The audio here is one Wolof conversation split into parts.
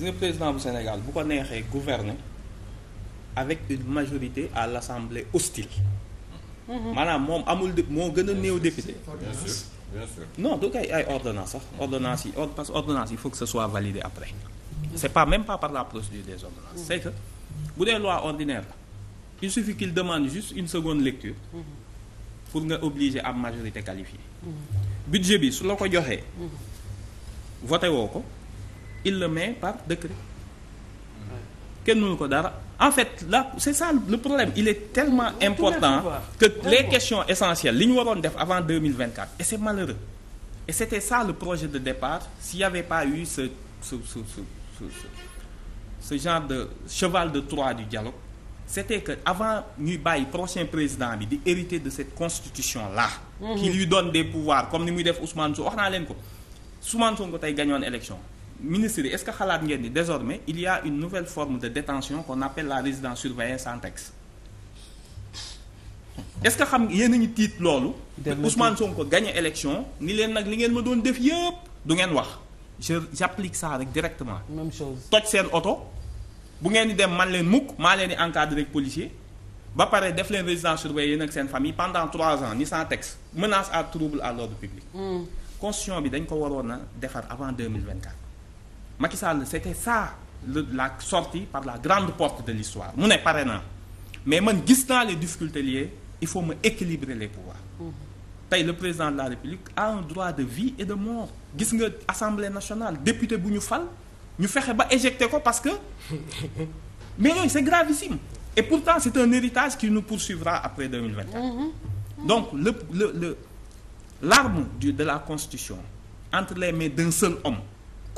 le président bu Sénégal bu ko neexee gouverner avec une majorité à l'assemblée hostile. Mhm. maanaam moom amul de moo gën a néew député. bien sûr bien sûr. non du koy ay ordonnance sax ordonnance yi parce que ordonnance il faut que ce soit validé après. c'est pas même pas par la procédure des ordonnances. Mhm. c'est que bu dee loi ordinaire la il suffit qu'il demande juste une seconde lecture. Mhm. pour nga obliger am majorité qualifiée. budget bi su la ko joxee. voté woo ko. il le met par décret kenn mënu ko dara en fait la c'est ça le problème il est tellement oui, important que les questions essentielles li ñu waroon def avant 2024 et c'est malheureux et c'était ça le projet de départ s'il y avait pas eu ce ce ce ce ce, ce genre de cheval de Troie du dialogue c'était que avant ñuy bàyyi prochain président bi di hériter de cette constitution là qui mhm. lui donne des pouvoirs comme ni muy def Ousmane Sonko wax naa leen ko Ousmane Sonko tey gagnoon élection ministre yi est-ce que xalaat ngeen di désormais il y a une nouvelle forme de détention qu'on appelle la résidence surveillée sans texte ce que xam yéen a ngi tiit loolu Ousmane Sonko gagné élection ni leen nag li ngeen ma doon def yëpp du ngeen wax je j'applique ça rek directement même chose toj seen oto bu ngeen di dem man leen mukk maa leen di encadré policier ba pare def leen résidence surveillée yéen ak seen famille pendant trois ans ni sans texte menace à trouble à l'ordre public hmm. bi dañ ko waroon a defar avant 2024 Macky Sall c'était ça le la sortie par la grande porte de l'histoire mu ne pare naa mais man gis naa les difficultés liées il faut me équilibrer les pouvoirs tey le président de la République a un droit de vie et de mort gis nga assemblée nationale député bu ñu fal ñu fexe ba éjecté ko parce que mais yooyu c'est gravissime et pourtant c'est un héritage qui nous poursuivra après 2024 mm-hmm. mm-hmm. donc le le le l'arme de la constitution entre les mains d'un seul homme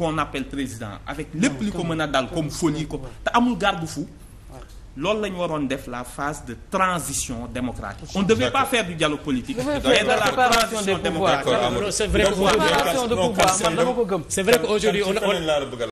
qu'on appelle président avec lépp li ko mën a dal comme folie ko te amul garde-fou loolu la waroon def la phase de transition démocratique on devait pas faire du dialogue politique la transition démocratique c'est vrai que aujourd'hui on